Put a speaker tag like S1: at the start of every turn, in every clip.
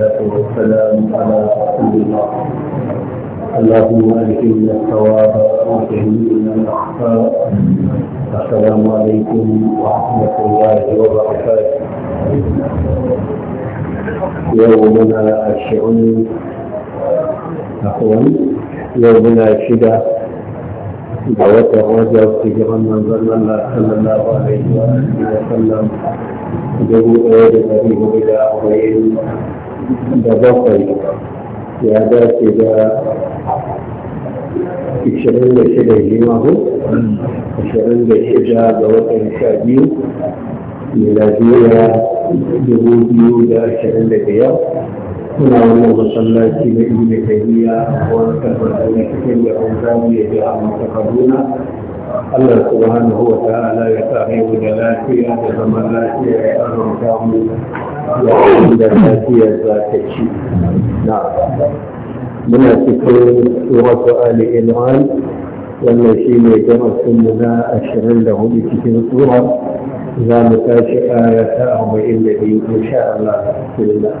S1: والسلام على رسول الله اللهم ألهمنا الثواب وفهمنا الأخطاء السلام عليكم ورحمة الله وبركاته يومنا الشعون عفوا يومنا الشدة دعوة الرجل تجرى من ظل الله صلى الله عليه وآله وسلم دعوة الذي هو إلى أربعين da bakwai ya dace da ishirin da shida jimahu ishirin da shida ga watan sha biyu miladiya dubu biyu da ashirin da biyar suna wani masallaci na ibn taymiya a wani tabbatar da cikin da an zamu ya ji a mata kaduna Allah subhanahu wa ta'ala ya sa haihu da lafiya da zaman lafiya ya haramta mu yayin da lafiya za ta ci na muna cikin suratu ali imran wannan shi ne gama sunmu na ashirin da hudu cikin sura za mu tashi aya ta arba'in da biyu insha Allah bismillah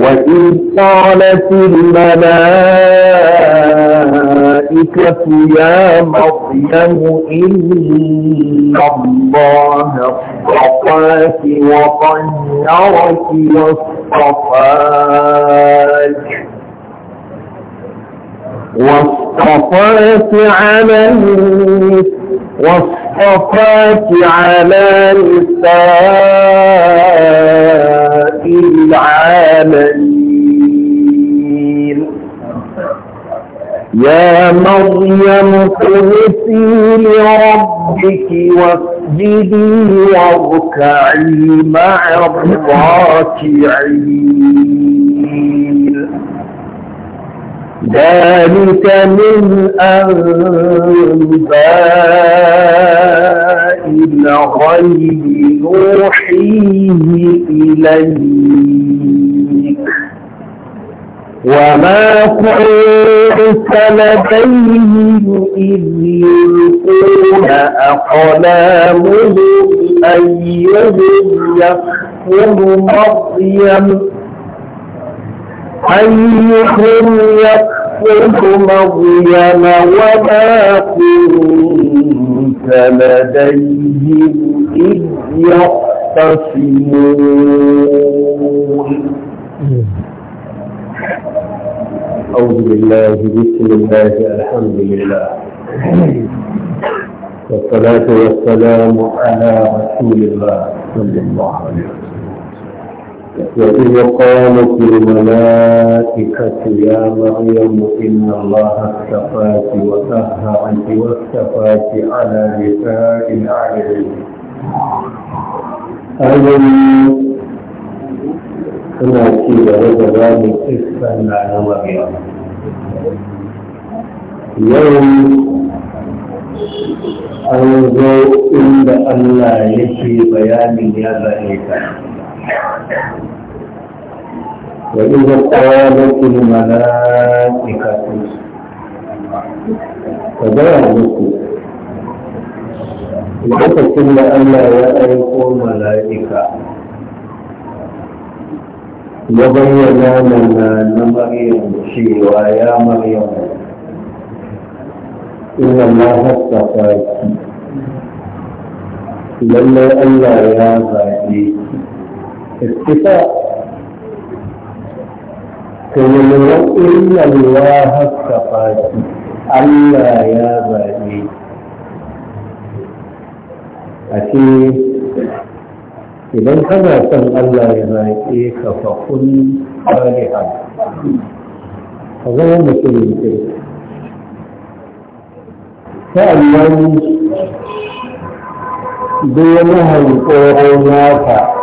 S1: وإذ قالت الملائكة يا مريم إن الله اصطفاك وطيرك واصطفاك واصطفاك على واصطفاك على نساء العالمين يا مريم اقنتي لربك واسجدي واركعي مع الراكعين ذلك من أنباء الغيب نوحيه إليك
S2: وما
S1: كنت لديهم إذ يلقون أقلامهم أيهم يكفر مريم أيكم يكفر مريم وما كنت لديهم إذ يختصمون أعوذ بالله بسم الله الحمد لله والصلاة والسلام على رسول الله صلى الله عليه وسلم وإذ قالت الملائكة يا مريم إن الله اصطفاك وطهرك واصطفاك على نساء العالمين أيضا
S2: كما أكيد هذا ذلك
S1: اسأل على مريم يوم أنظر إن الله يكفي بيان يا بني وإذا قالت الملائكة
S2: فذلكم
S1: lokacin da Allah ya aiko mala'ika ya bayyana mana na Maryam cewa ya Maryam inna ma hasafa ki lallai Allah ya zaɓe ki ka yi lura illallah haka faki, Allah ya zaɓe a ce idan kana son Allah ya zaɓe ka fa kun salihan ka zama mutumin Ta sa'annan duk wani hankoro nata.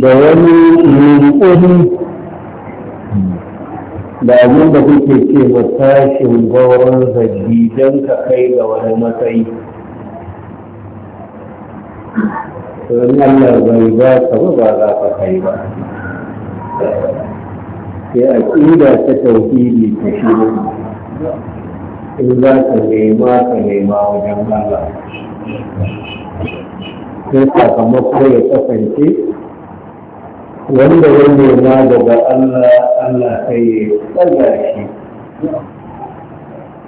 S1: da wani yunƙuri da abin da kuke ce wa tashin gauran zabi don ka kai ga wani matsayi sun Allah bai ba ka ba ba za ka kai ba sai a ƙida ta tauhidi ta shi in za ka nema ka nema wajen Allah sai sakamako ya kasance wanda wanda ya daga Allah Allah kai ya tsarga shi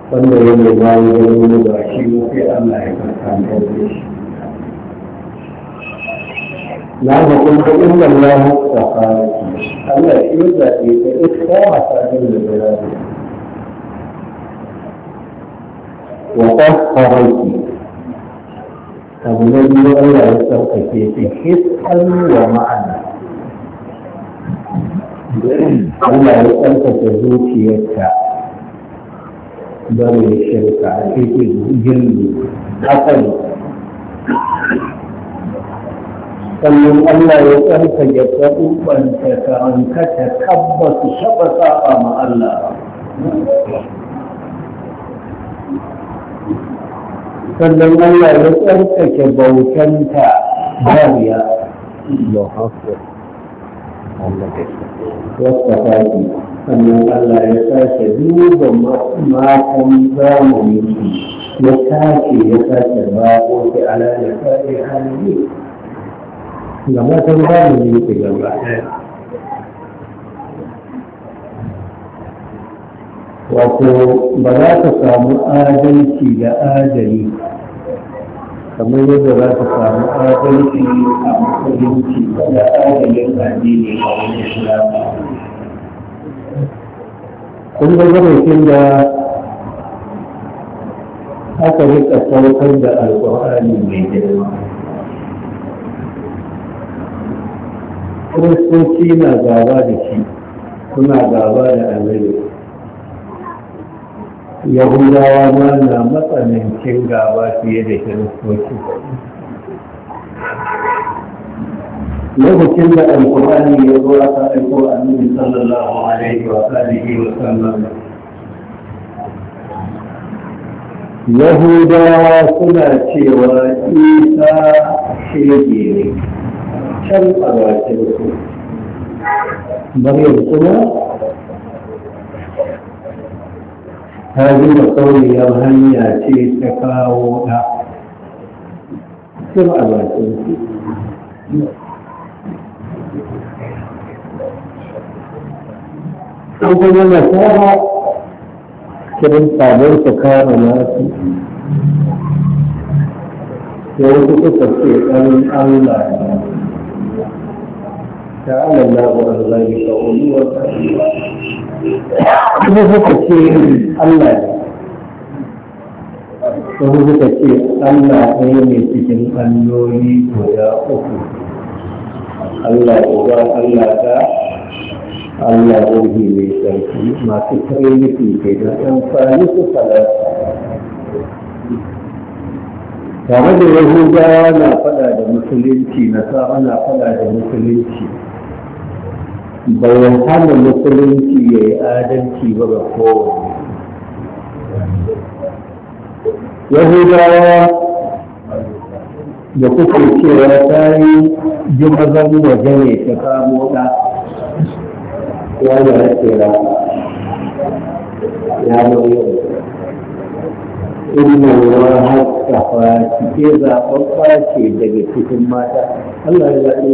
S1: wanda wanda ya daga wani ba shi sai Allah ya karkanta da shi na ga kun ka inna Allah tsakaki Allah shi ya zaɓe ka iska masa da zarafi wa tsarki abu na biyu Allah ya tsarkake shi hiskan wa ma'ana Allah ya tsarkake zuciyarta don ya shirka a cikin girbi hakan sannan Allah ya tsarkake gaɓuɓanta karankata tabbatu taɓa saba ma Allah sannan Allah ya tsarkake bautanta bariya. Allah واستفادي أن الله يساك دوبا ما كان زامن يساك يساك باقوك على نساء حالي لما كان من يساك جمع wato ba za ka samu kamar yadda za ka samu adalci a musulunci da adalin addini a wani islamu kun ga gwamnatin da aka rika saukar da alkur'ani mai girma kiristoci na gaba da shi suna gaba da annabi yahudawa ma na matsanancin gaba fiye da kiristoci lokacin da alkuwani ya zo aka aiko annabi sallallahu alaihi wa alihi wa sallam yahudawa suna cewa isa shege ne can a bakin su da kuma ta zuba sauriyar hanya ce ta kawo ta sir a bakin su kuma na nasara kirin sabon su kama nasu ya wasu suka ce ɗanin allah ta alallahu an zai ka uluwar ƙarfi kuma suka ce Allah kuma suka ce Allah ɗaya ne cikin alloli guda uku Allah uba Allah ta Allah ruhi mai sarki masu kare nufi ke da amfani su falasa tare da yahudawa na fada da musulunci na sa ana fada da musulunci bai hana musulunci ya yi adalci ba ga kowane yahudawa da kuka cewa ta yi jimazan waje ne ta kamo ɗa ya yi rasera ya mai inna wa haka fati ke zaɓaɓɓa ce daga cikin mata Allah ya zaɓe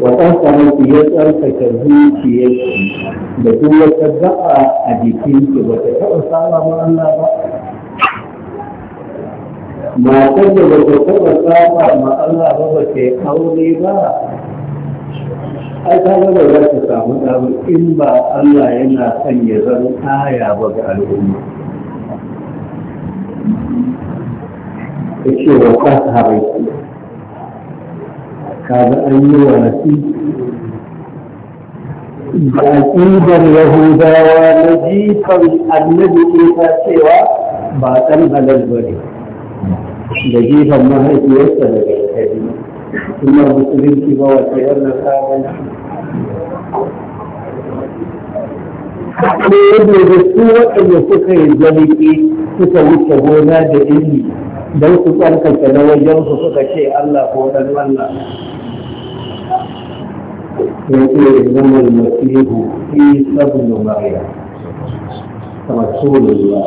S1: وتصلت يسألك كذوكيك بقوة تبقى أديكيك وتتوسع الله الله ما تجد وتتوسع ما الله وكي قولي با ai ta gaba za ta samu damar in ba Allah yana sanya ya ba ga al'umma.
S2: Ya ce wa ƙasa
S1: harai هذا أي أيوة ولدي بعيدا يهودا ونجيبا النبي إذا سوى بعد أن هذا الولي نجيبا ما هي في يسر ثم المسلمين في بوابة أن هذا الولي حقا يبلغ السورة أن يسكر الجليكي تسوي الشبونات إليه don su tsarkake na wajen su suka ce Allah ko dan Allah ya ce zama masihu fi sabon mariya rasulullah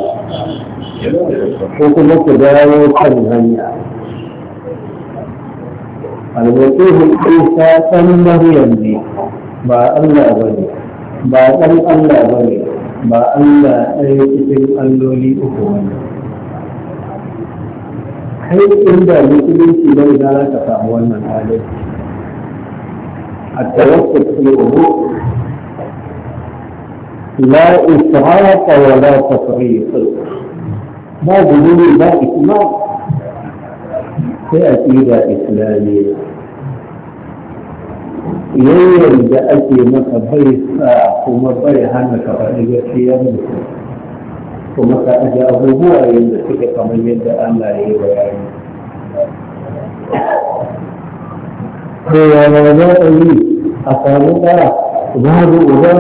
S1: ko kuma ku dawo kan hanya almasihu isa ɗan maryam ne ba Allah ba ne ba ɗan Allah ba ne ba Allah ɗaya cikin alloli uku wani kai inda musulunci bai za ka samu wannan halin a tawakkul fi umur la israfa wa la tafriq ba gudun ba islam sai a tsira islamiyya yayyar da ake maka bai sa kuma bai hana ka faɗi gaskiyar mutum kuma ka ajiye abubuwa yadda suke kamar yadda Allah ya yi bayani to ya za a yi a samu ɗaya babu uba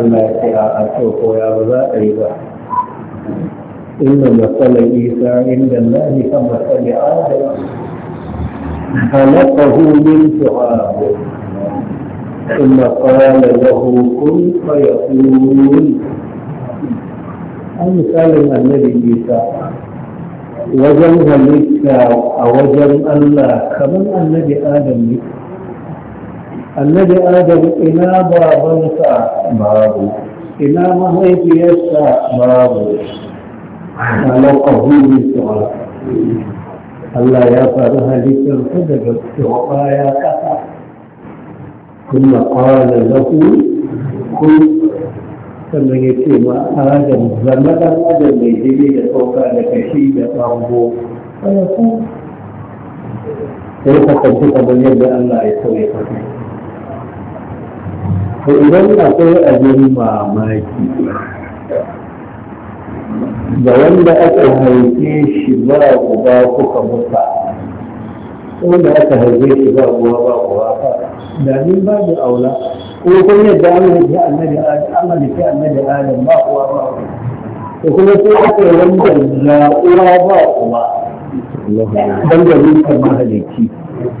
S1: Allah ya ce a to ko ya ba za a yi ba inna masala isa inda Allah ka masala adam خلقه من تراب ثم قال له كن فيكون المثال ان النبي عيسى وجن هليك او وجن الله كما النبي ادم لك النبي ادم الى باب انت باب الى ما هي في بيسا باب على قبول السؤال الله يا فرها لك الحجج يا كفا
S2: ثم قال له
S1: كنت sannan ya ce ma a zama zarmatar adam mai jini da sauka da kashi da ɓango kada ku ko ka kwanci kamar yadda Allah ya sauya kashi to idan na akwai abin mamaki da wanda aka haife shi ba uba kuka musa wanda aka haife shi ba uwa ba uwa ba da ni ba da aula ko kun yadda an yi ta annabi adam an halitta annabi adam ba uwa ba to kuma sai aka wanda na uwa ba uwa dan da mun kan mahalicci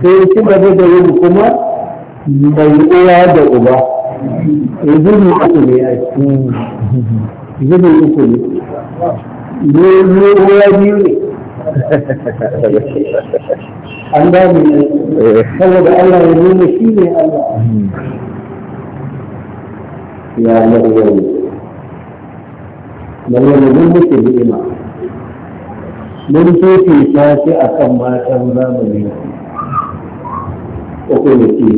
S1: sai shi ba da yin kuma mai uwa da uba yanzu ne aka ne a cikin zubin uku ne ne uwa biyu ne an ba mu eh. saboda Allah ya nuna shi ne Allah hmm. ya Da wani mun muke ni'ima mun so ke shi a kan matan zamani uku ne ke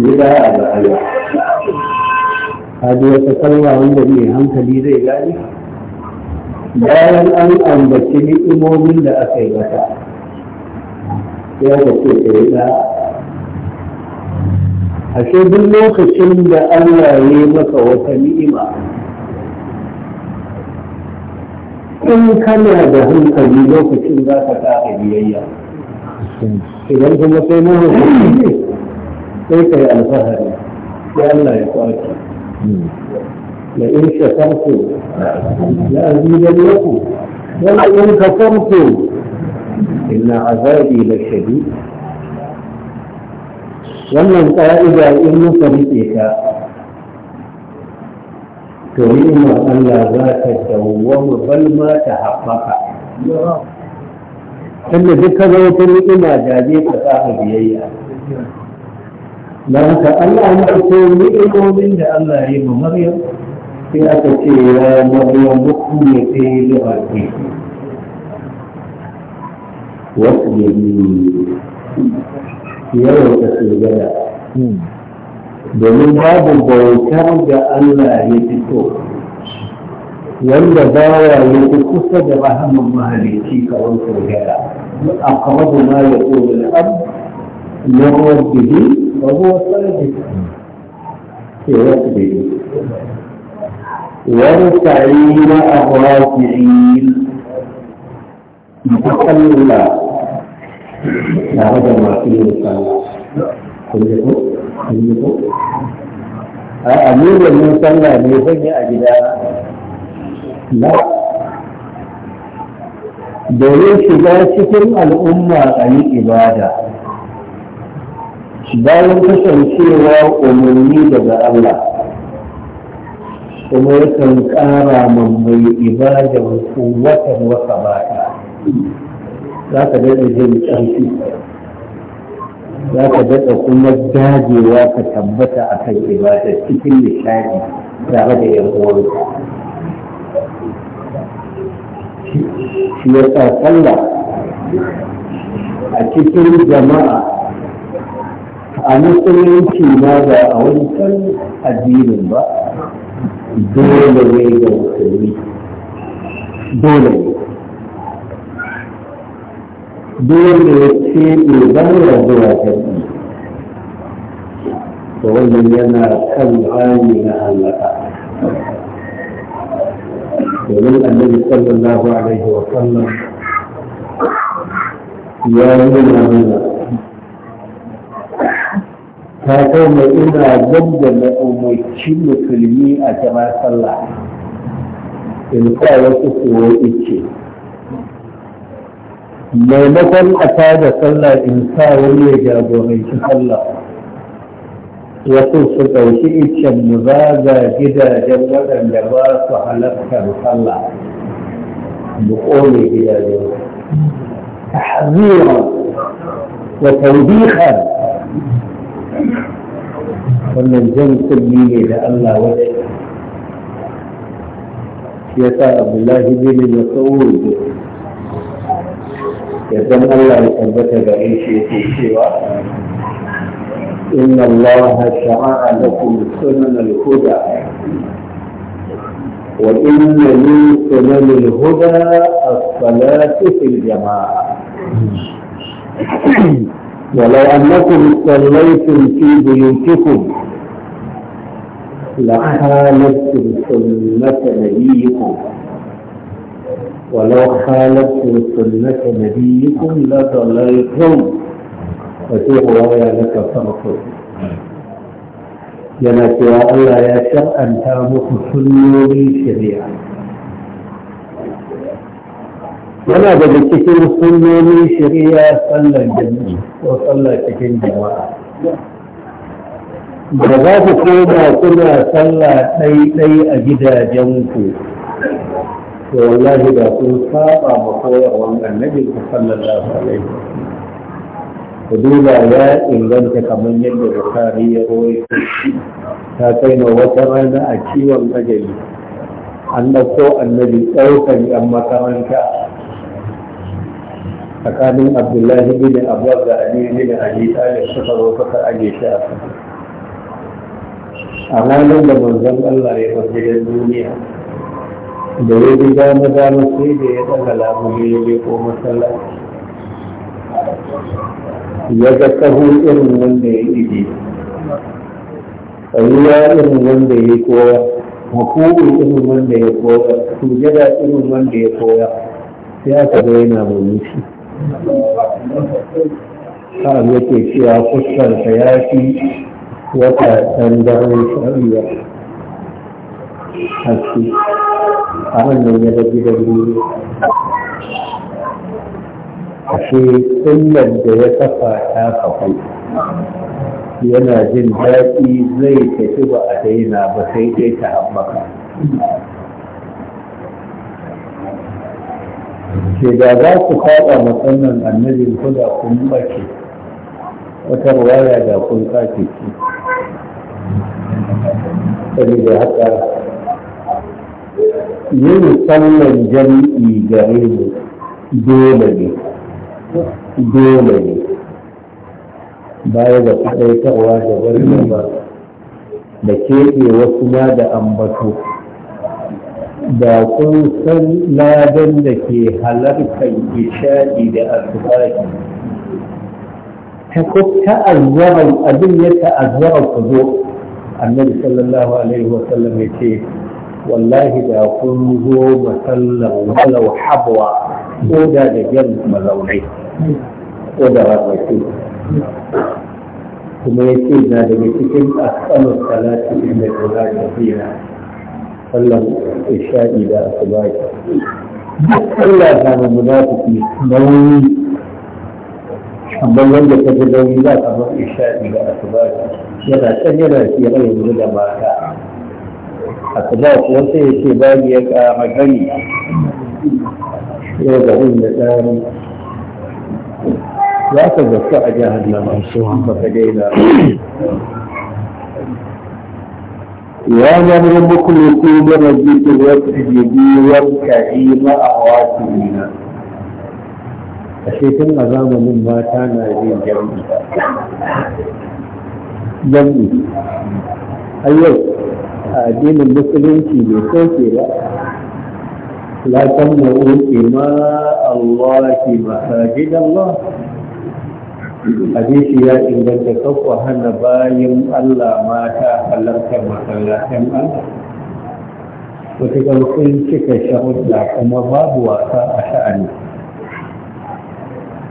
S1: yi da a ga aya hajji wata kalma wanda mai hankali zai gani bayan an ambaci ni'imomin da aka yi mata ya ga ce yi da ashe duk lokacin da Allah ya yi maka wata ni'ima in kana da hankali lokacin za ka ƙara biyayya idan kuma sai na hankali ne sai ka yi alfahari ya Allah ya kwaki da in shakartu la yaku wala in ka kafartu inna azabi da shadid wannan ƙa'ida in muka riƙe ka to ni'imar Allah za ta dawwamu bal ma ta haɓaka tunda duk ka zama ta ni'ima jaje ka sa a biyayya don haka Allah ya ce ni'imomin da Allah ya yi ma Maryam sai aka ce ya Maryam ne ta yi ke. wasu ne yawan ta sujada domin babu bautar da Allah ya fito wanda bawa ya fi kusa da rahaman mahalicci kawai sujada a kamar ma ya ƙoƙi al'adu na rabbihi wa huwa salih ke wasu da وارتعين الراكعين تقلل tare da masu yin sallah kun yi ko kun yi ko a amirin yin sallah ne zan yi a gida na domin shiga cikin al'umma a yi ibada bayan kasancewa umarni daga Allah kuma yakan ƙara mai ibadan wata wata bata za ka daɗa jin ƙarfi za ka daɗa kuma dajewa ka tabbata a kan ibada cikin nishadi tare da yan uwanka shi ya sa sallah a cikin jama'a a musulunci ma ba a wancan addinin ba dole ne ga musulmi dole ne duk wanda ya ce bai baya zuwa kaji to wannan yana kan hali na halaka domin annabi sallallahu alaihi wa sallam ya nuna mana ta kama ina ganda na umarci musulmi a jama'a sallah in sa wasu kuwa ice maimakon a tada sallah in sa wani ya jagoranci sallah wasu su ɗauki iccen mu zaga gidajen waɗanda ba su halartar sallah mu ƙone gidajen tahzira wa tawbiha wannan jan kulli ne da Allah wajen ya sa Abdullahi bin Mas'ud الله إن الله شرع لكم سنن الهدى وإن من سنن الهدى الصلاة في الجماعة ولو أنكم صليتم في بيوتكم لخالفتم سنة نبيكم ولو خالفتم سنة نبيكم لضللتم وفي رواية لك فرق yana cewa Allah ya shar'anta muku sunnoni shari'a yana daga cikin sunnoni shari'a sallar jami'i ko sallar cikin jama'a
S2: da za ku koma kuna
S1: sallah ɗai-ɗai a gidajenku to wallahi da sun saba ma koyarwan annabi sallallahu alaihi ku duba ya inganta kamar yadda bukari ya roye ta kai na wata rana a ciwon ajali an ɗauko annabi ɗaukar yan makaranta tsakanin abdullahi bin abbas da ali bin ali talib suka zo aje shi a a ranar da manzon allah ya bar gidan duniya da ya bi gano gano sai da ya ɗaga lamu ya yi ko masallaci ya ga kahu irin wanda ya ije tsayuwa irin wanda ya koya makuɓi irin wanda ya koya sujada irin wanda ya koya sai aka ga yana murmushi sa'an yake cewa fuskarsa ya fi wata ɗan daren shari'a haske a wannan ya gidan da biyu ashe tsallar da ya kafa ta kafa yana jin daɗi zai tafi ba a daina ba sai dai ta haɓaka ke da za ku faɗa matsannan annabin ku da kun ɓace wata ruwaya da kun sake ci
S2: saboda haka
S1: yin sallan jami'i gare mu dole ne dole ne baya da kaɗaitarwa da wani ba da keɓe wasu ma da ambato da kun san ladan da ke halartar isha'i da asubahi ta ta'azzara abin ya ta'azzara ku zo annabi sallallahu alaihi wasallam ya ce wallahi da kun zo sallar walau habwa ko da da jan mazaunai ko da rarraki kuma ya ce na daga cikin asalin salati inda ya za ta fiya sallan isha'i da asubai Allah ya mu munafiki nauyi amma wanda ta ji nauyi za ka bar isha'i da asubai yana can yana fiye yanzu da mata حسنات وسيء شباب يبقى مجري يبقى إن الآن لا تزكى جاهدنا مرسوعا فقدينا يا من ربكم يكون مجيد واسجدي وابكعي مع واكبين أشيء كنا زامن ما كان هذه الجنة جنة har yau a addinin musulunci bai soke ba la tamnu ma Allah masajid Allah hadisi ya inganta kafa hana bayan Allah mata halarta masallacin Allah wata sun cika shahudda kuma babu wasa a sha'ani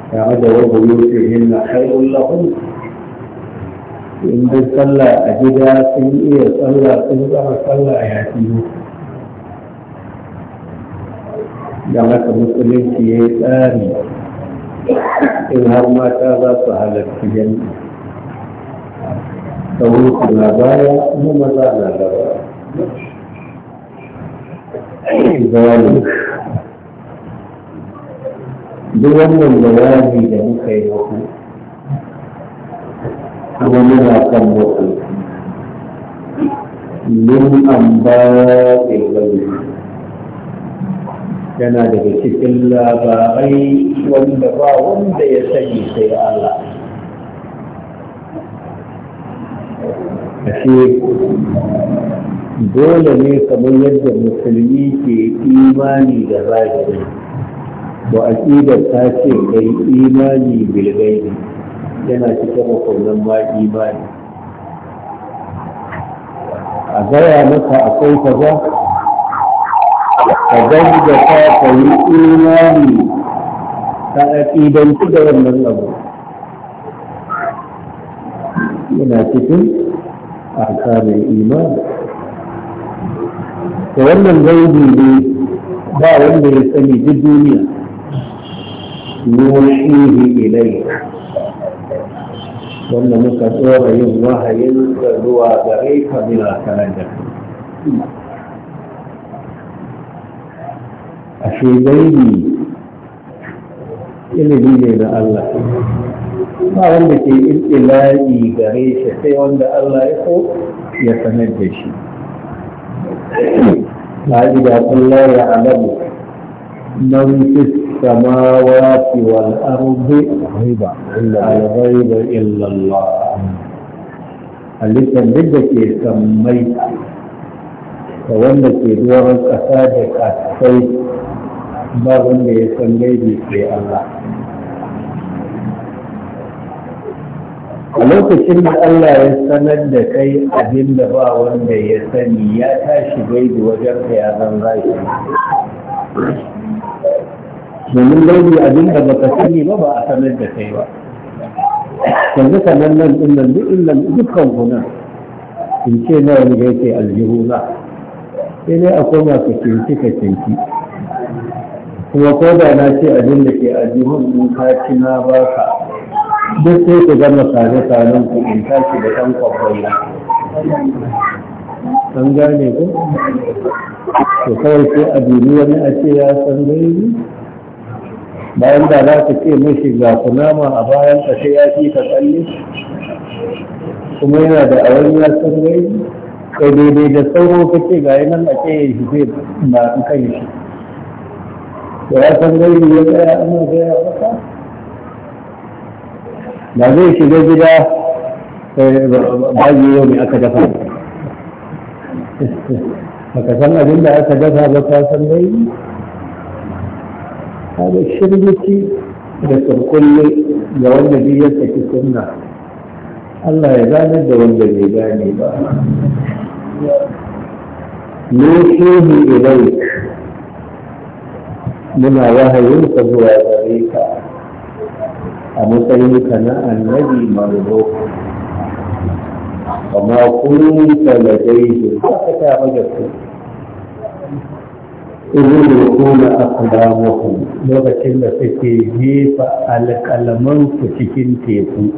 S1: Ya da yau ce yin na haihun lahun in dai sallah a gida sun iya sallah sun zama sallah ya fi da haka musulunci ya yi tsari in har mata za su halarci yanzu sauransu na baya kuma maza na gaba zawani duk wannan bayani da muka yi kuma muna kan motsi min an ba yana daga cikin labarai wanda ba wanda ya sani sai Allah ashe dole ne kamar yadda musulmi ke imani da zahiri wa aqidar ta ce kai imani bil gaibi yana cikin rukunan ma imani a gaya maka akwai kaza
S2: ka da ka yi imani
S1: ta aƙidanci da wannan abu yana cikin kamar imani da wannan gaibi ne ba wanda ya sani duk duniya yuhi ilayka wanda muka tsora yin wahayin da zuwa gare ka bila karaja a shegaibi ilimi ne na Allah ba wanda ke iltila'i gare shi sai wanda Allah ya so ya sanar da shi ba da kullum ya alamu na wani السماوات والأرض الغيب إلا الله halittar da ke sammai da wanda ke doron ƙasa da ƙasai ba wanda ya san sai Allah. A lokacin da Allah ya sanar da kai abin da ba wanda ya sani ya tashi gaibi wajen ka ya zan
S2: domin gaibi abin da baka
S1: sani ba ba a sanar da kai ba yanzu kamar nan din nan duk illan dukkan gunan in ce nawa ne yake aljihu za sai dai akwai masu kinci ka kinci kuma ko da na ce abin da ke aljihun in ka ci na ba ka duk sai ku gama sare sanan ku in tashi da ɗan kwabbai an gane ku to kawai sai a wani a ce ya san gaibi bayan da za ka ce mashi ga kunama a bayan ka sai ya fi ka tsalle kuma yana da awon ya san gai kai daidai da sauro ka ce ga nan a ce ya shi zai ba in kan shi da ya san gai ya tsaya ana tsaya wata ba zai shiga gida eh, ba yau ne aka dafa ba ka san abin da aka dafa ba ka san gai kaga shirgici da tsarkulle ga wanda biyu ya saki sunna Allah ya gane da wanda bai gane ba mu shehi ilaik muna wahayinsa zuwa gare ka a matsayin ka na annabi manzo amma kun ta ladai ba ka ta majasu irin da kuna akulamuhu lokacin da suke jefa alƙalamansu cikin teku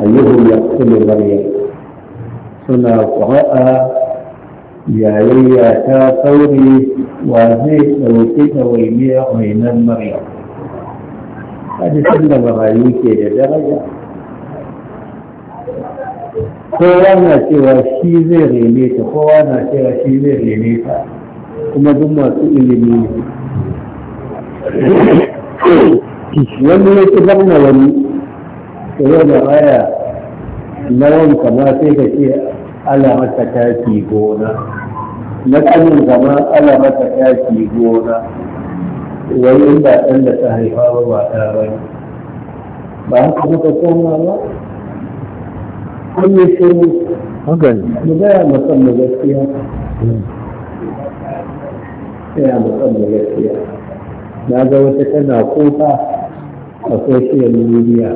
S1: ayyuhu ya kuma maryam suna ƙwa'a yayayya ta sauri wa zai ɗauki ɗawainiya mainan maryam hadisin da marayu ke da daraja
S2: kowa na cewa
S1: shi zai rene ta kowa na cewa shi zai ta kuma duk masu ilimi ne wani ya ci barna wani ta yau da raya na wanka kama sai ka ce ala mata fi gona na kanin zama ala mata fi gona wani inda ɗan da ta haifa ba ba ta bane ba haka muka koma ba an yi shiru mu gaya musamman gaskiya yana musamman gaskiya na ga wata tana kuka a social media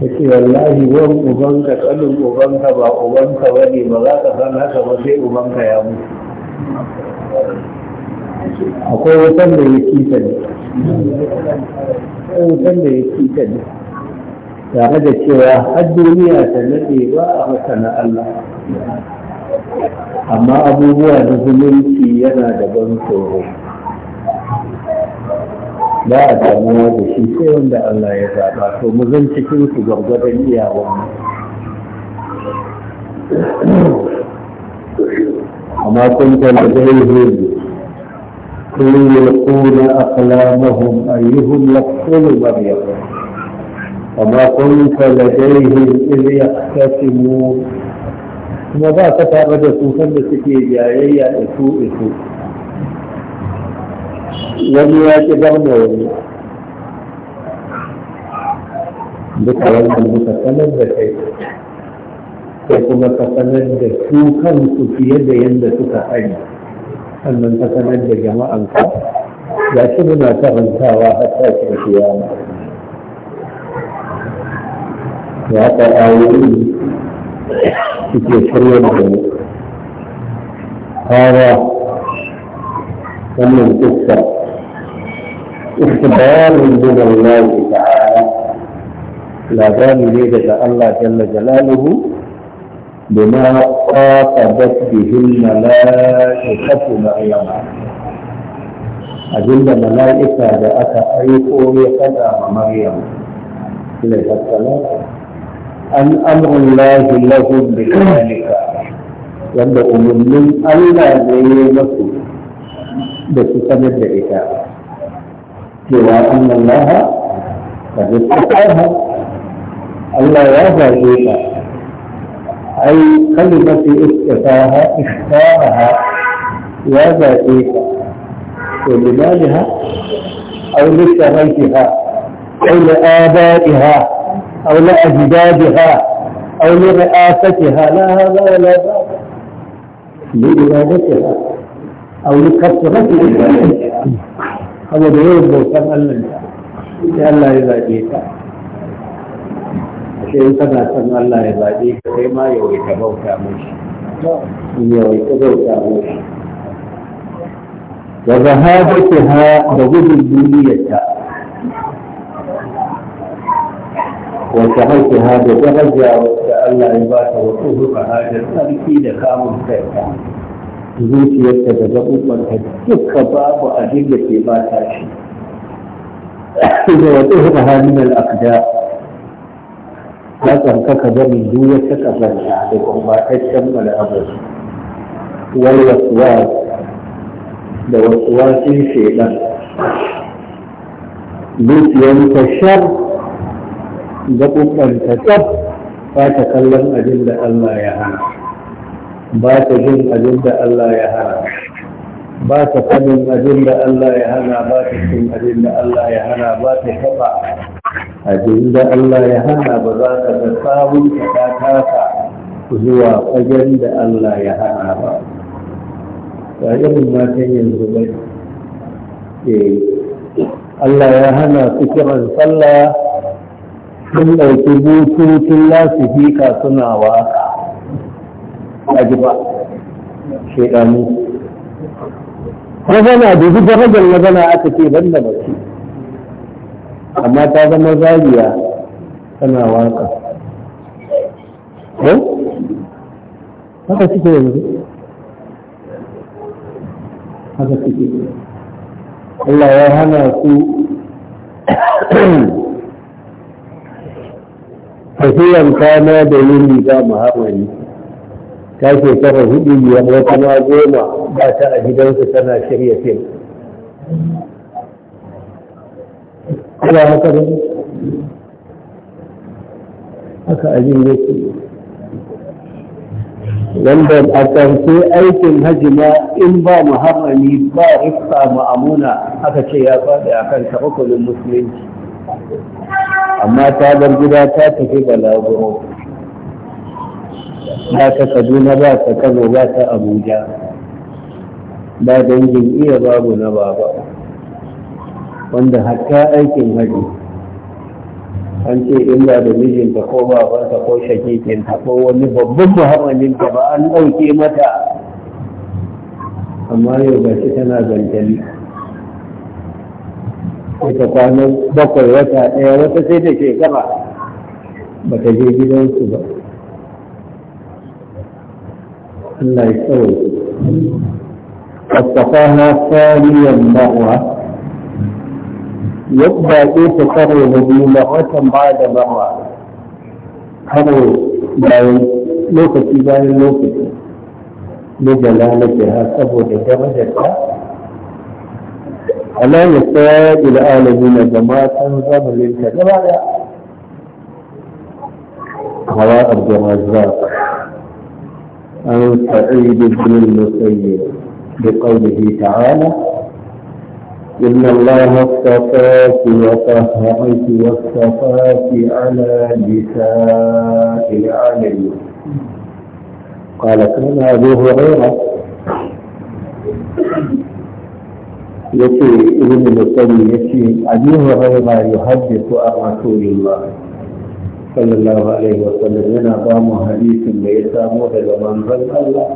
S1: ta ce wallahi wani ubanka kanin ubanka ba ubanka ba ne ba za ka san haka ba sai ubanka ya mutu akwai wutan da ya kita ne akwai wutan da ya kita ne tare da cewa har duniya ta nade ba a masana Allah amma abubuwa da zumunci yana da ban tsoro ba a damuwa da shi sai wanda Allah ya zaɓa to mu zan cikin su gwargwadon iyawan mu amma kun kan da dai hudu
S2: kun yi kuna
S1: aklamahum ayyuhum yaqulu maryam amma kun kan da dai hudu idan yaqtasimu kuma ba ka tare da tsufan da suke yayayya da su isu wani ya ƙi zama wani duka wannan muka sanar da kai ko kuma ka sanar da su kansu fiye da yadda suka hari sannan ka sanar da jama'an ka ya shi muna karantawa har ta shi da ya ka ayoyi
S2: suke shirya
S1: هذا ومن القصه اختبار من الله تعالى لا بال ليلة الله جل جلاله بما خاطبت به الملائكة مريم أجل الملائكة لأتى أيقوني قدام مريم عليه السلام أن أمر الله لهم بذلك يبدأ من ألا الله زينته بس ذلك سوى أن الله قد استطاعها الله يرضى بك أي كلمة استطاعها اختارها يرضى بك ولمالها أو لشريكها أو لآبائها أو لأجدادها أو لرئاستها لا هذا ولا هذا لإبادتها أو لكثرتها هذا بغير بوسم ألم لألا إباديك الله إباديك كما يويك بوك أموش يويك بوك أموش وذهابتها بغير الدنيا
S2: هذا بدرجة
S1: وسأل عباده وخلقها جسد في لكام سيطان زوجي يتبدأ من هدفك باب أجل في باتاش أحسد وطهرها من الأقداء لا تركك بني دويتك بل شعبك وما تشم الأبد والوسواس لوسواس شيئا لوسيا متشرف gaɓuɓɓanta tab ba ta kallon abin da Allah ya hana ba ta jin abin da Allah ya hana ba ta faɗin abin da Allah ya hana ba ta cin abin da Allah ya hana ba ta taɓa
S2: abin da Allah ya hana ba za ka ga sawun ta kasa
S1: zuwa fagen da Allah ya hana ba ba irin matan yanzu ba eh, Allah ya hana su kiran sallah
S2: sun ɗauki bututun lasifika
S1: suna waka a ji ba shekaru
S2: magana da duk
S1: darajar magana aka ce ban da mace amma ta zama zariya tana waka ko haka yanzu haka Allah ya hana su tafiyan kwana da yini ba mu hawani ta shekara hudu biyar wata kuma goma ba ta a gidansu tana shirya fim kuma haka ne haka abin yake wanda a ƙarshe aikin hajima in ba muharrami ba rifka ma'amuna aka ce ya faɗi a kan taɓakulin musulunci amma ta bar gida ta tafi balaguro ba ta kaduna ba ta kano ba ta abuja ba dangin iya babu na baba wanda hatta aikin haji an ce in ba da mijinta ko babansa ko ta? ko wani babban muhammadinta ba an ɗauke mata amma yau ga shi tana zantali. ita kwanan bakwai wata ɗaya wata sai da ke gaba ba ta je gidansu ba Allah ya tsawai Asafa na tsariyan ma'uwa yadda ake ta karo na biyu na watan ba da ma'uwa karo bayan lokaci bayan lokaci na jalala ke saboda gama da ta أنا يحتاج إلى أهل آل من جماعة أنظم للكذبة هواء الجمازات أن سعيد بن المسيب بقوله تعالى إن الله اصطفاك وطهرك واصطفاك على نساء العالمين قال كان أبو هريرة yace ibn al-qayyim yace abin hurayra yuhaddithu an rasulullah sallallahu alaihi wa sallam yana ba mu hadisin da ya samo daga manzon Allah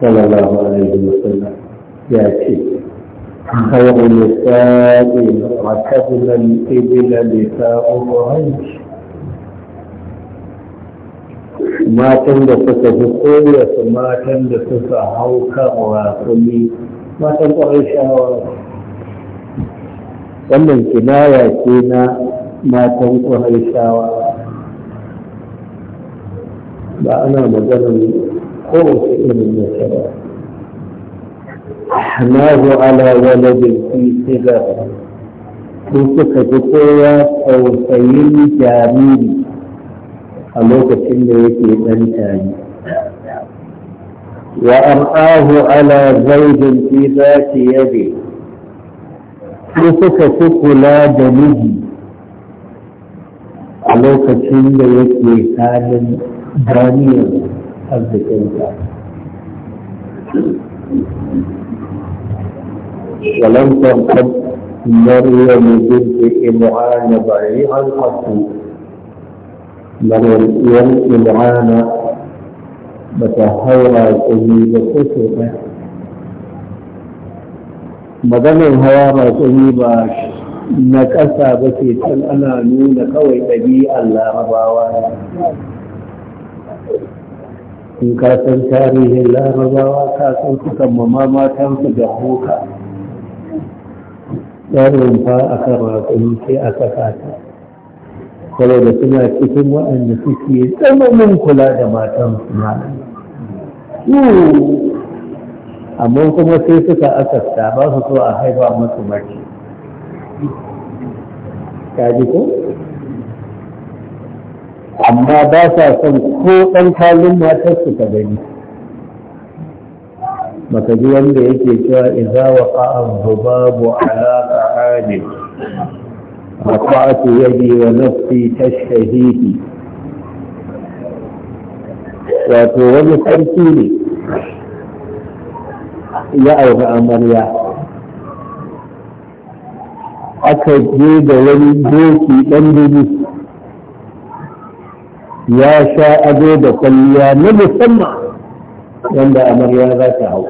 S1: sallallahu alaihi wa sallam ya ce خير النساء ركبنا الإبل نساء قريش matan da suka fi kowace matan da suka hau kan rasumi matan ƙwarai shawara wannan kinaya ce na matan ƙwarai shawara ba ana maganar kowace irin mace ba zo ala wani fi tsira sun suka ji kowa tausayin jariri a lokacin da yake ɗan tari وأرآه على زيد في ذات يدي لسك فك لا دمه علوك تند يكوي حال دانيا أبدك الله ولم تنقب مريم جلد إمعان بعيها القصر مريم إمعان ba ta haura tsayi ba ko so ɗaya maganar hawa ba tsayi ba na ƙasa ba ce can ana nuna kawai ɗabi'a larabawa in ka san tarihin larabawa ka san sukan mama matansu da hoka tsarin fa a kan ratsuni sai a saka ta saboda suna cikin waɗanda suke tsananin kula da matansu malam amma kuma sai suka asasta ba su so a haifa masu mace ta ji ko amma ba sa son ko ɗan kalin matar su ka gani maka ji wanda yake cewa iza wa ƙa'an zubabu ala ƙa'ani
S2: a ƙa'atu yadi wa ta
S1: shahidi wato wani sarki ne ya auri amarya aka je da wani doki ɗan dubu ya sha ado da kwalliya na musamman wanda amarya za ta hau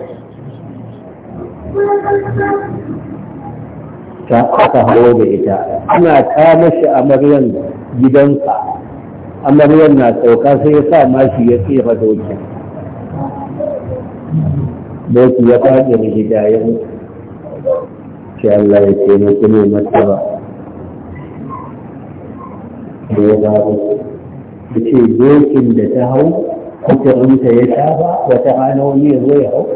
S1: ta aka hawo da ita ana kama shi amaryan gidansa amaryan na sauka sai ya sa mashi ya tsira dokin da yake ya faɗi da hidayar shi Allah ya ce ne kuma masa ba da ya babu da ce dokin da ta hau hukurinta ya sha ba wata hana wani ya zo ya hau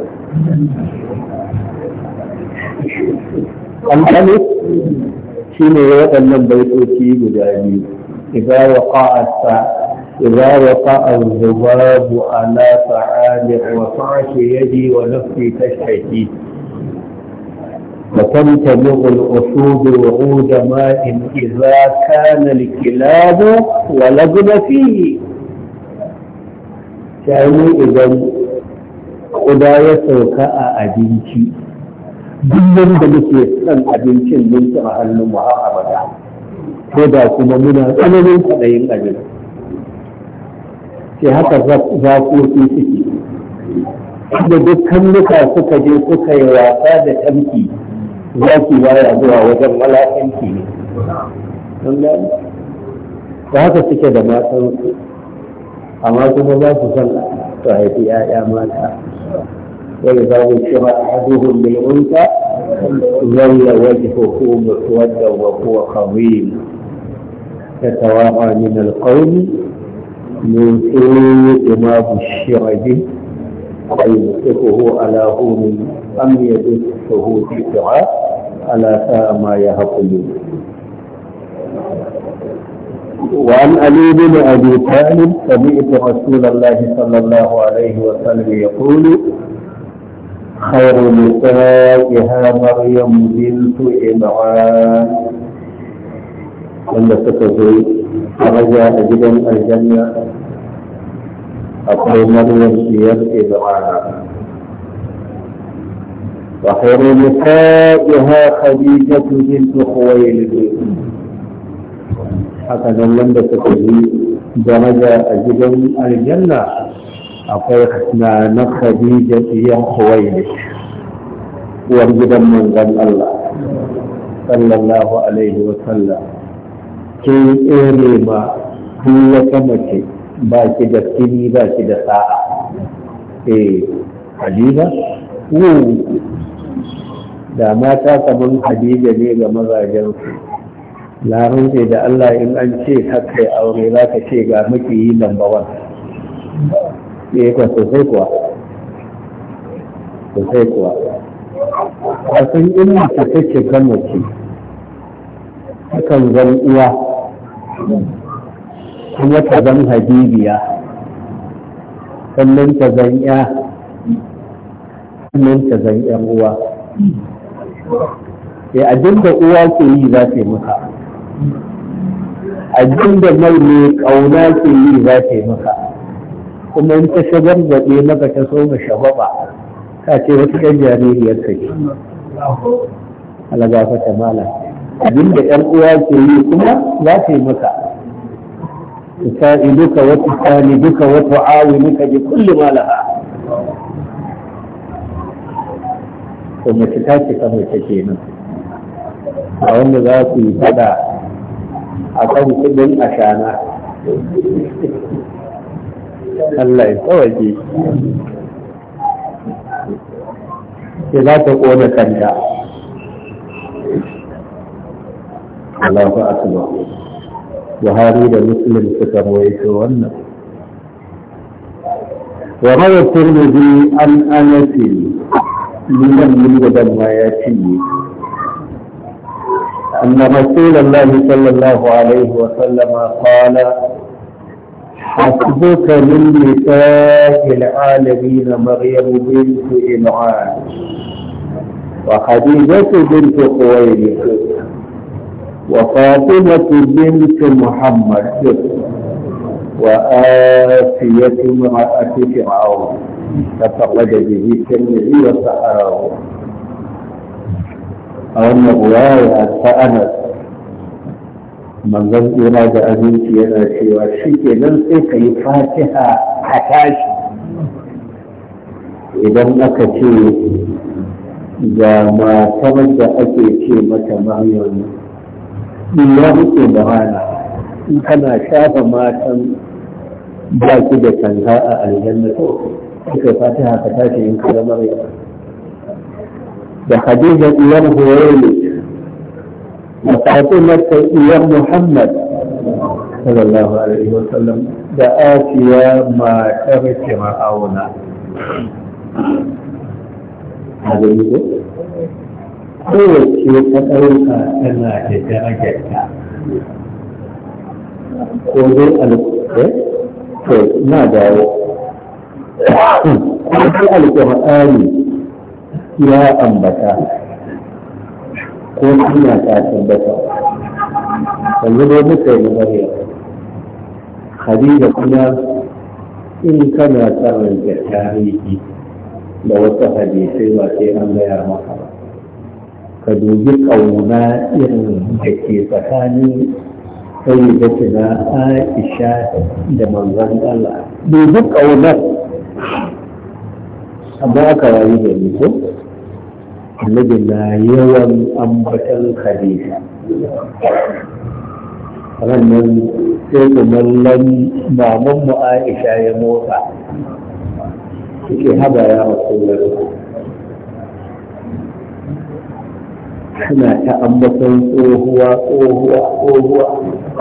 S1: alƙalu shi ne waɗannan baitoci guda biyu إذا وقع الساعة إذا وقع الذباب على طعام وفعش يدي ونفسي تشتكي وتمتلئ الأسود وعود ماء إذا كان الكلاب ولبن فيه shanu idan kuda ya sauka a abinci duk da muke son abincin mun a hannun mu abada ko da kuma muna tsananin kwaɗayin abinci sai haka zaƙoƙi suke da dukkan nuka suka je suka yi wasa da tamki zaki baya zuwa wajen malakanki ne da haka suke da matan amma kuma za su san su haifi 'ya'ya mata wani za mu cewa a haduhun bil'unta zalla wajen hukumar wadda wa kuwa kawai ta tawaha min alƙauni من سوء ما بشر به ويمسكه على هون أم يدسه في سعاء ألا ساء ما يهقلون
S2: وعن علي بن أبي طالب
S1: سمعت رسول الله صلى الله عليه وسلم يقول خير نسائها مريم بنت عمران
S2: ولا تتزوج
S1: خرج أجدا الجنة أقوى مريم في يد إبراهيم وخير نسائها خديجة بنت خويلد حتى لم تكن درجة أجدا الجنة أقوى حسنان خديجة يا خويلد وارجدا من الله صلى الله عليه وسلم kin tsere ma duk wata mace ba ki da fili ba ki da sa'a eh halima da mata kaman hadija ne ga mazajen su larun da Allah in an ce haka aure za ka ce ga maki yi lamba wan eh ka sosai kuwa sosai kuwa san in ta take ga ce kan zan uwa kuma ta zan habibiya sannan ta zan ya sannan ta zan yan uwa ya eh, abin da uwa ke yi za ta yi maka abin da mai mai kauna ke yi za ta yi maka kuma in ta shagar zaɓe maka ta so ma shababa ka ce wata ɗan jaririyar ka ce Allah ta malaka abin da ‘yan uwa ke yi kuma za ta yi maka duka wata sani duka wata awi muka ji kulli malaha to mace ta ce kan ta ke nan a wanda za ku yi fada
S2: a kan kudin ashana Allah ya tsawaje
S1: ke za ta ƙona kanta Allahu akbar Buhari da Muslim suka rawaito wannan wa rawa Tirmidhi an Anas liman min da ma ya cinye أن رسول الله صلى الله عليه وسلم قال
S2: حسبك
S1: من نساء العالمين مريم بنت إمعان وخديجة بنت خويلد وفاطمة بنت محمد وآسية امرأة فرعون تفرد به الترمذي وسحره
S2: أو أن الرواية فأنس
S1: من يراد أن أمينك يا شيء وشيك لم تقي فاتحة حكاش إذا أكتي إذا ما ترد أكي شيء متمعين ya wuce da rana in kana shafa matan ba ki da canka a aljanna to kake fata haka tashi in kare maryam da hadija iyar huwaye da fatimata iyar muhammad sallallahu alaihi wasallam da asiya matar fir'auna a gani ko kowace ta ɗauka tana da darajarta ko zai alƙur'ani eh? to na dawo ko dai ya ambata ko suna ta tabbata yanzu dai muka yi mariya khadija kuma in kana karanta tarihi da wata hadisai ba sai an gaya maka ka dubi ƙauna irin da ke tsakanin sai da tuna aisha da manzan Allah dubi ƙaunar amma aka wayi da ni ko annabi na yawan ambatan khadija rannan sai kumallon mamanmu aisha ya motsa suke haba ya rasu lalata. kana ta ambaton tsohuwa tsohuwa tsohuwa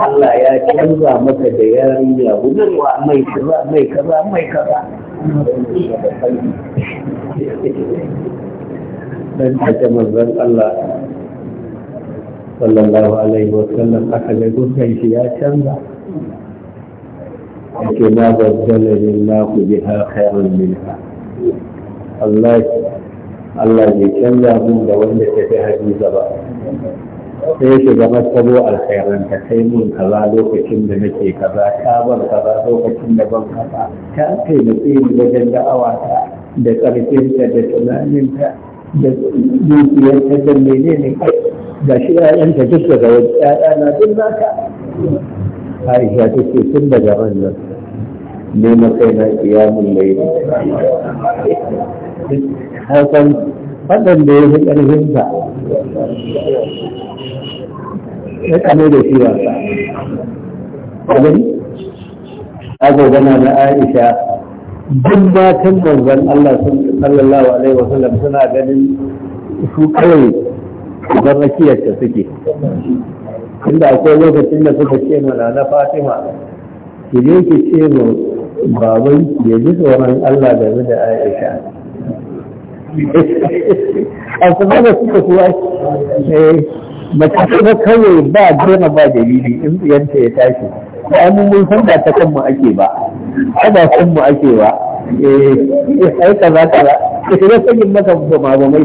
S1: Allah ya canza maka da yarinya budurwa mai kaza mai kaza mai kaza dan ta manzon Allah sallallahu alaihi wa sallam aka ga dukkan shi ya canza yake na bazzala lillahi biha khairun minha Allah Allah bai canza mun da wanda ta fi hadiza ba sai shiga matsalo alkhairan ta kai mun kaza lokacin da nake kaza ta bar kaza lokacin da ban kaza ta taimake ni wajen da'awa ta da ƙarfinta da tunaninta da dukiyarta da menene ga shi ‘ya'yanta duk daga wajen ‘ya'yana duk naka Aisha ta ce tun daga ran nan ne makai na kiyamun laifin haukanci da ya fi ƙarfin ƙarfinsa
S2: ya kame da shi wasa
S1: aka gana na aisha duk matan manzan Allah sallallahu alaihi wa sallam suna ganin su kawai rakiyar ta suke inda akwai lokacin da suka ce mana na fatima ki ne ki ce mu baban ya ji tsoron Allah game da aisha a kuma da suka kuwa eh, mace ta kawai ba gona ba dalili in yanta ya tashi ba mun mun san da ta kanmu ake ba a ba kanmu ake ba eh, eh ai kaza kaza ka shiga sanin maka ba ba mai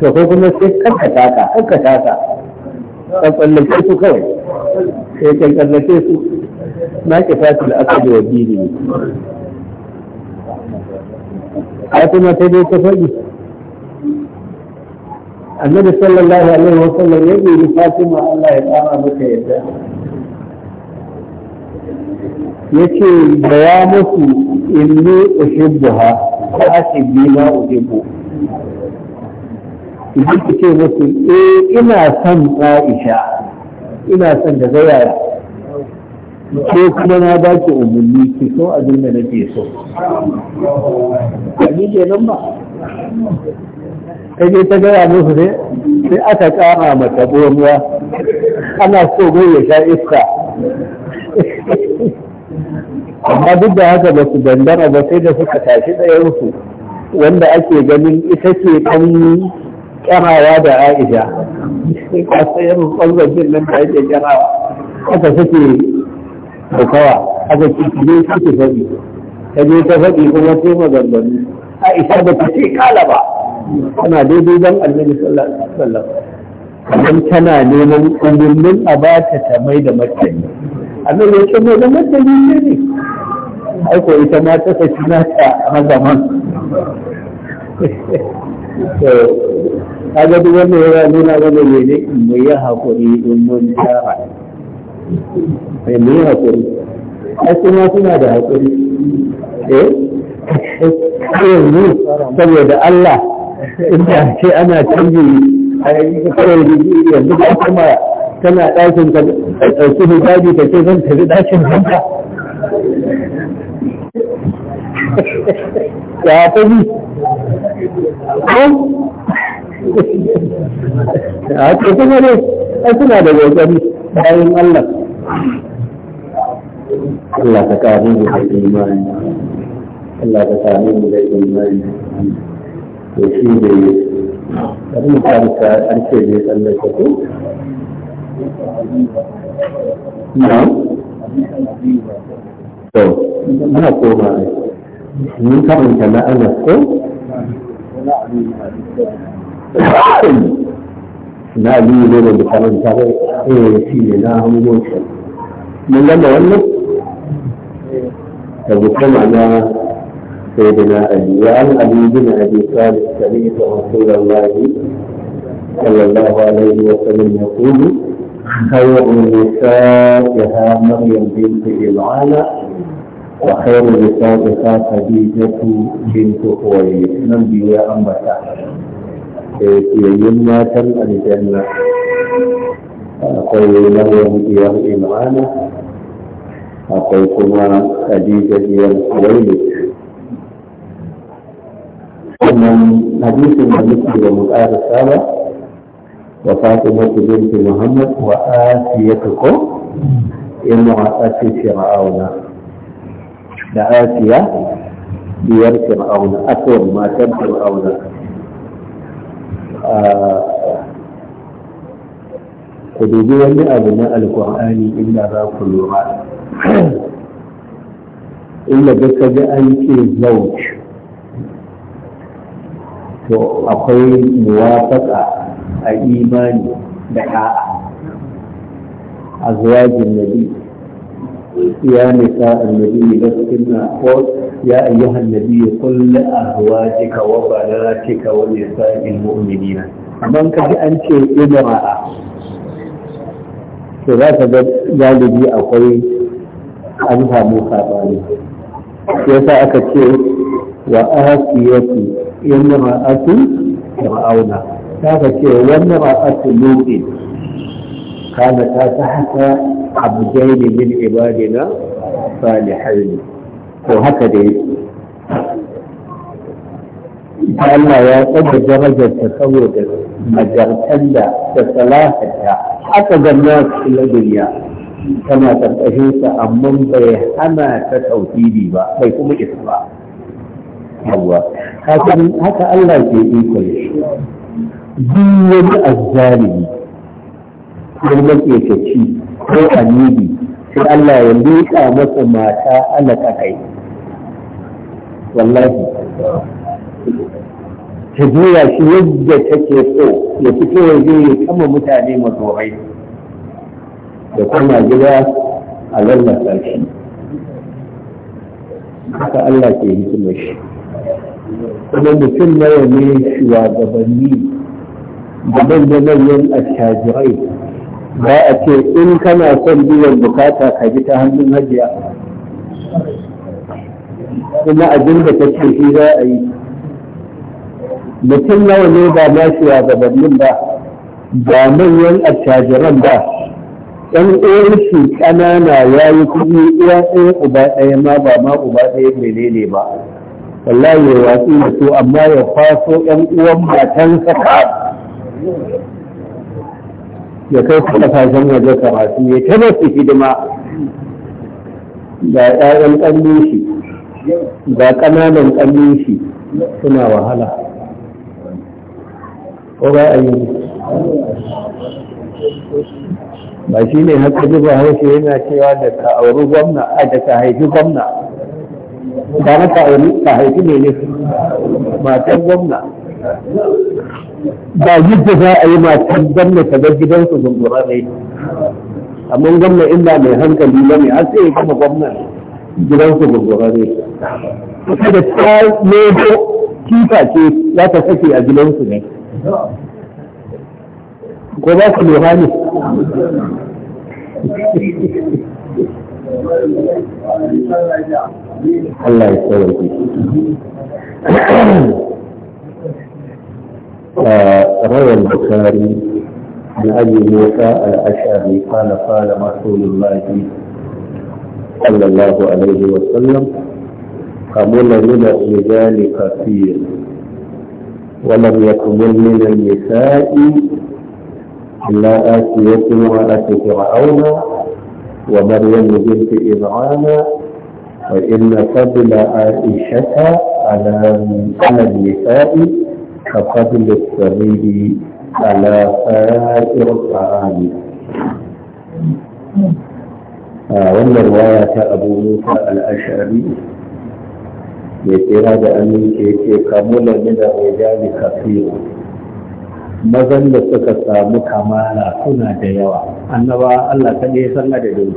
S1: to ko kuma sai ka taka kanka taka Ka tsallake su kawai sai kan tsallake su na ke fasil akadu wa dini ai kuma ta dai ta faɗi annabi sallallahu alaihi sallam. ya yi fatima Allah ya kama maka yadda yace da ya musu inni uhibbuha ta asibi ma uhibbu idan ce musu eh ina son Aisha ina son da zayara ko kuma na ba ki umarni ki so abin da nake so kaji ke nan ba kai ta gaya musu ne sai aka kama mata ruwa
S2: ana so gai ya sha
S1: iska amma duk da haka ba su dandana ba sai da suka tashi ɗayansu wanda ake ganin ita ce kan kyamawa da aisha a sayar ɓangaren nan da ake kyamawa aka suke kokawa aka ce ki je ki faɗi ta je ta faɗi kuma sai maganganu Aisha ba ta ce kala ba tana daidai don annabi sallallahu alaihi wasallam tana neman umarnin a ba ta ta mai da martani annabi ya ce mai da martani ne ne aiko ita ma ta saki nata a zaman kaga duk wannan yana nuna mana ne ne mu yi haƙuri in mun tara mai mai haƙuri ai kuma suna da hakuri. eh yanzu saboda Allah inda ce ana canji a yanzu ba kuma tana ɗakin ka ɗauki hijabi ka ce zan tafi ɗakin kanka ya ta bi
S2: a ta kuma
S1: ai suna da kokari bayan Allah
S2: Allah ka kare mu da imani
S1: Allah ka kare mu da imani to shi ne kare mu fara ta an ne Allah ka ko na
S2: to muna koma mun karanta na Allah ko
S1: na biyu ne da makaranta ba eh shi ne na hango shi mun wannan da na سيدنا أبي وعن أبي بن أبي طالب سمعت رسول الله صلى الله عليه وسلم يقول خير نسائها مريم بنت إلعانة وخير نسائها خديجة بنت خويلد من بيا أنبتها fiyayyin matan aljanna akwai maryam diyar imana akwai kuma khadija diyar kuwaili sannan hadisin da muke da mu ƙara saba wa fatima binti muhammad wa asiyatu ko in wa'ati fir'auna da asiya diyar fir'auna akwai matan fir'auna ku dubi wani abu na alkur'ani inda za ku lura inda da ka ga an ce zauj to akwai muwafaka a imani da ɗa'a a zuwajin nabi ya nisa annabi da suna يا أيها النبي قل لأزواجك وبناتك ونساء المؤمنين من كان أنت امرأة فذاك galibi akwai an samu saɓani yasa aka ce wa asiyatu imra'atu fir'auna ta ce wannan ra'atu lutin kana ta min ibadina salihaini to haka da yake
S2: ita Allah ya tsada
S1: darajarta saboda majartan da ta salahata aka ganna cikin laduniya tana ƙarƙashin sa amma bai hana ta tauhidi ba bai kuma isa ba yawa kafin haka Allah ke iko ne duk wani azzalimi ko ci, ko annabi sai Allah ya leƙa masa mata alaka kai wallahi ta juya shi yadda take so ya fito ya je ya kama mutane mazorai da kuma gida a lallasa shi haka Allah ke hikimar shi kuma mutum nawa ne shugabanni da manya-manyan attajirai ba a ce in kana son biyan bukata ka ji ta hannun hajiya kuma abin da kake shi za a yi
S2: mutum nawa ne ba na
S1: gabanin ba ba manyan attajiran ba ɗan uwansu ƙanana ya yi kuɗi uwa ɗaya uba ɗaya ma ba ma uba ɗaya menene ba wallahi ya watsi da su amma ya faso ɗan uwan matansa ya kai su kasashen waje karatu ya ta su hidima ga 'ya'yan ƙannin shi Ba ƙananan ƙannin shi suna wahala ko ba a yi
S2: ba shi ne haka zuba haushe yana
S1: cewa da ka auri gwamna a da ka haifi gwamna
S2: ba na ka auri ka haifi ne
S1: ne matan gwamna
S2: ba yadda za a yi
S1: matan gwamna ta ga gidansu zungura ne amma gwamna ina mai hankali ba ne har sai ya kama gwamna ne gidansu gurgurare Kuma da ta lebo kifa ta sake a gidansu ne ko ba ku lura ne
S2: Allah ya tsawaki
S1: روى البخاري عن ابي موسى الاشعري قال قال رسول الله صلى الله عليه وسلم قبل من الرجال كثير ولم يكن من النساء إلا آتية وات فرعون ومريم بنت ابراهيم وإن فضل عائشة على على النساء كفضل السبيل على سائر الطعام wannan ruwaya ta abu musa al'ashari mai tsira da aminci ya ce kamula mina rijali kafiru mazan da suka samu kamala suna da yawa annaba allah ta ne san adadin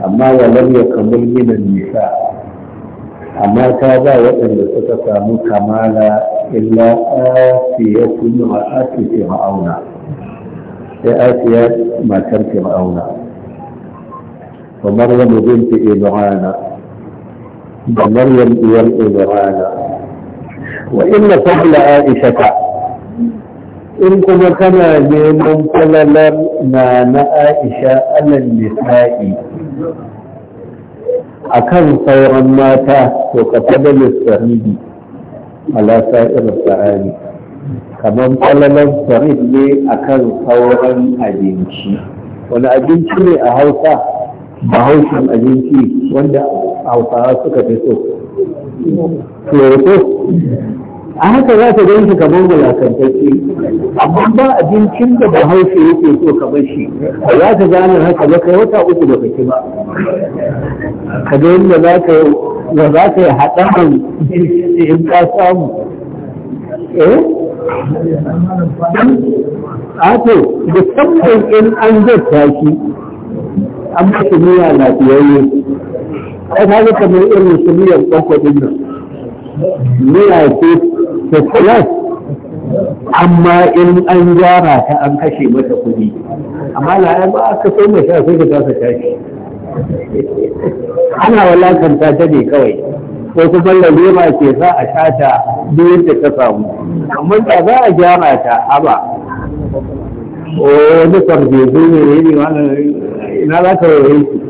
S1: amma walam ya kamul minan nisa amma ta ba waɗanda suka samu kamala illa asiya kuma asiya ma'auna sai asiya matar fir'auna ومريم بنت إبرانا ومريم إيال إبرانا وإن فضل عائشة in kuma kana neman falalar na na aisha anan nisa'i Akan sauran mata to ka fadala saridi ala sa'ir sa'ani kamar falalar sarid ne akan sauran abinci wani abinci ne a hausa bahaushen abinci wanda hausawa suka fi so a haka za ta ganshi kamar wulakantacce amma ba abincin da bahaushe yake so kamar shi ba za ta gane haka ba kai wata uku da kake ba ka ga yadda za ka wa za ka yi haɗarin in ka samu eh
S2: da samun in an zai shi
S1: amma kimiyya na fiyayye ai na ga kamar irin kimiyyar ɗauko ɗin nan miya ce ta plus amma in an gyara ta an kashe mata kuɗi amma na ba a so mai sha sai ka kasa shi. ana walakanta ta ne kawai ko kuma ba ke za a sha duk yadda ta samu amma da za a gyara ta aba
S2: o oh, wani farfesu ne ne
S1: ne ina za ka rawaye su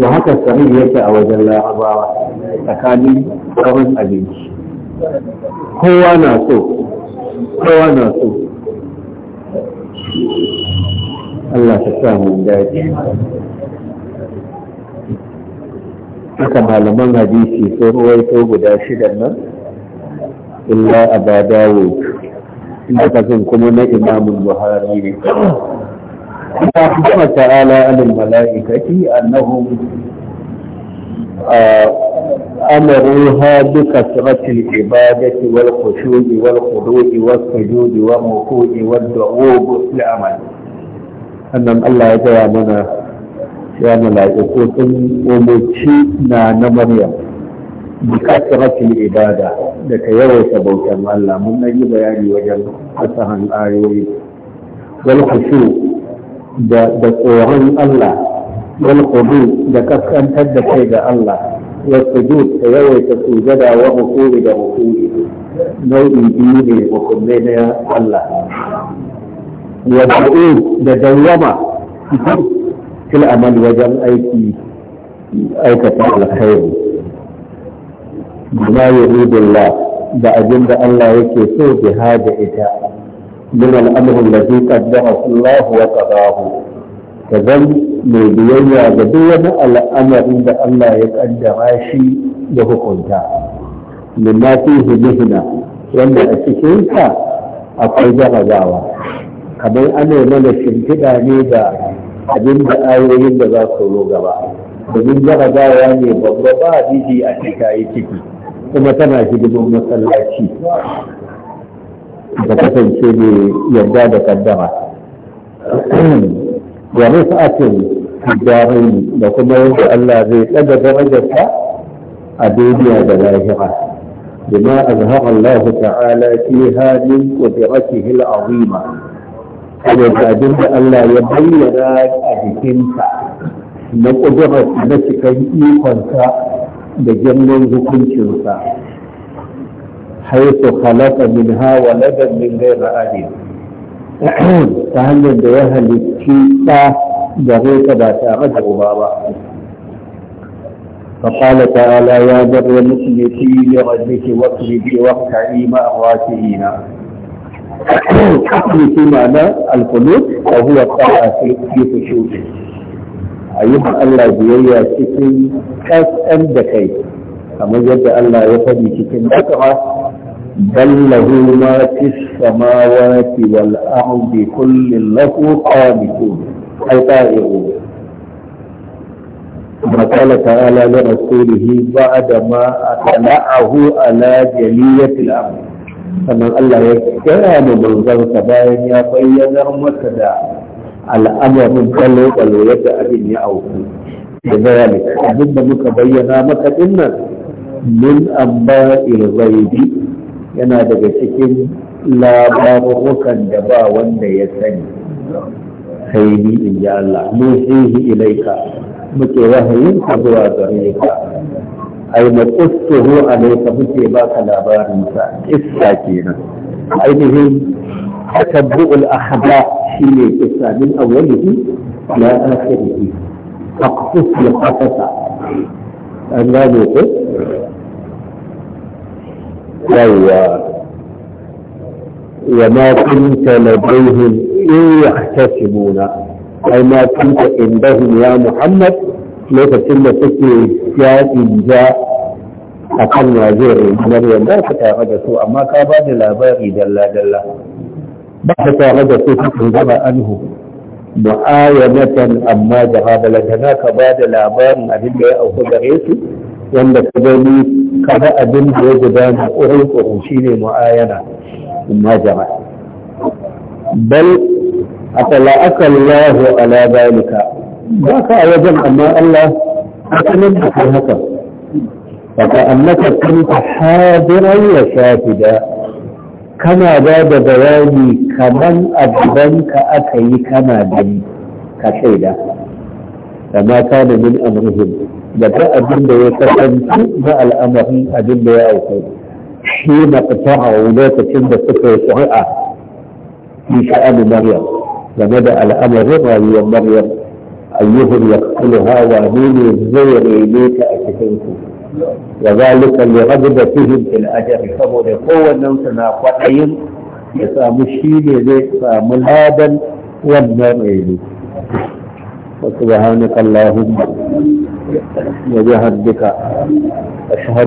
S2: to haka sahih yake a wajen larabawa tsakanin
S1: tsawon abinci kowa na so kowa na so Allah ta sa mun daji haka malaman hadisi sun ruwaito guda shidan nan illa aba dawo ina kuma na imamun buhari فأخبر تعالى عن الملائكة أنهم أمروها بكثرة العبادة والخشوع والخضوع والسجود والركوع والدعاء والعمل العمل أن الله يجعل منا يا ملائكة ومجينا نمريم بكثرة العبادة لك يوي بوتا الله من أجل بياني وجل حسن الآيوي والخشوع da tsoron Allah wal qudu da kaskantar da kai ga Allah wa sujud da yawaita sujada wa hukuri da hukuri nau'in biyu ne hukumai na Allah wa da'u da dawwama fil amal wajen aiki aikata alkhairi bima yuridullah da abin da Allah yake so bi hada ita من الأمر الذي قدره الله وقضاه كذل مبيا جديا الأمر عند الله يقدر شيء له كنت مما فيه مهنة وأن أتكيك akwai جغداوة kamar ana mana shimfiɗa ne da abin da ayoyin da za su zo gaba domin jarabawa ne babba ba a cika ciki kuma tana hidimar masallaci da kasance ne yadda da kaddara domin sa'atin jarin da kuma yadda Allah zai ɗaga darajarsa a duniya da lahira bima azhar Allah ta'ala fi hadin wa bi rakihi al'azima kada ga din da Allah ya bayyana a bikin ta na kudura na cikin ikonsa da girman hukuncinsa حيث خلق منها ولد من غير أهل فهل بيها لكيسا جغيك بات أغدر بابا فقال تعالى يا جر مسلتي لغزك وكربي وقعي مع راسئين في معنى القلوب وهو الطاعة في خشوعه أيها الله بيها سكن كاس أندكي كما يجب الله يفضي سكن بكرة بل له ما في السماوات والارض كل له قانتون اي طائعون ثم قال تعالى لرسوله بعد ما اطلعه على جلية الامر فما الله يكرم من ذلك باين يا بين المتدع الامر من قلو بل ويدع بني اوفو لذلك ابن مكبينا مكبينا من انباء الغيب yana daga cikin labarukan da ba wanda ya sani sai ni in ji Allah nuhihi ilaika muke wahayin ka zuwa gare ka ai na kustuhu alaika muke baka labarin sa kissa kenan ainihin tatabbu'ul ahba shine kissa min awwalihi la akhirih aqsus ya qasasa an gane ko yawwa wa ma kunta ladayhim in yahtasibuna ai ma kunta indahum ya muhammad lokacin da suke yaƙin ja a kan wazirin maryam ba ka tare da su amma ka ba da labari dalla-dalla ba ka tare da su cikin gaba anhu mu'ayanatan amma da hadala da ka ba da labarin abin da ya auku gare su wanda ka gani ka ga abin da ya na ƙurin ƙurin shi ne mu'ayana ma jama'a
S2: bal atala'aka Allah
S1: ala zalika ba ka a wajen amma Allah a sanin da kai haka faka annaka kunta hadiran wa da. kana ba da bayani kaman abban ka aka yi kana gani ka shaida kama kana min amrihim da ta abin da ya kasance na al'amarin abin da ya auku shi na fita'a lokacin da suka yi ƙuri'a fi sha'ani maryam game da al'amarin rayuwar maryam ayyuhun ya kulu hawa ne ne zai rene ta a cikin su wa zalika li rabbatihim fil ajr saboda kowannen su na kwaɗayin ya samu shi ne zai samu ladan wannan rene وسبحانك اللهم وبحمدك
S2: أشهد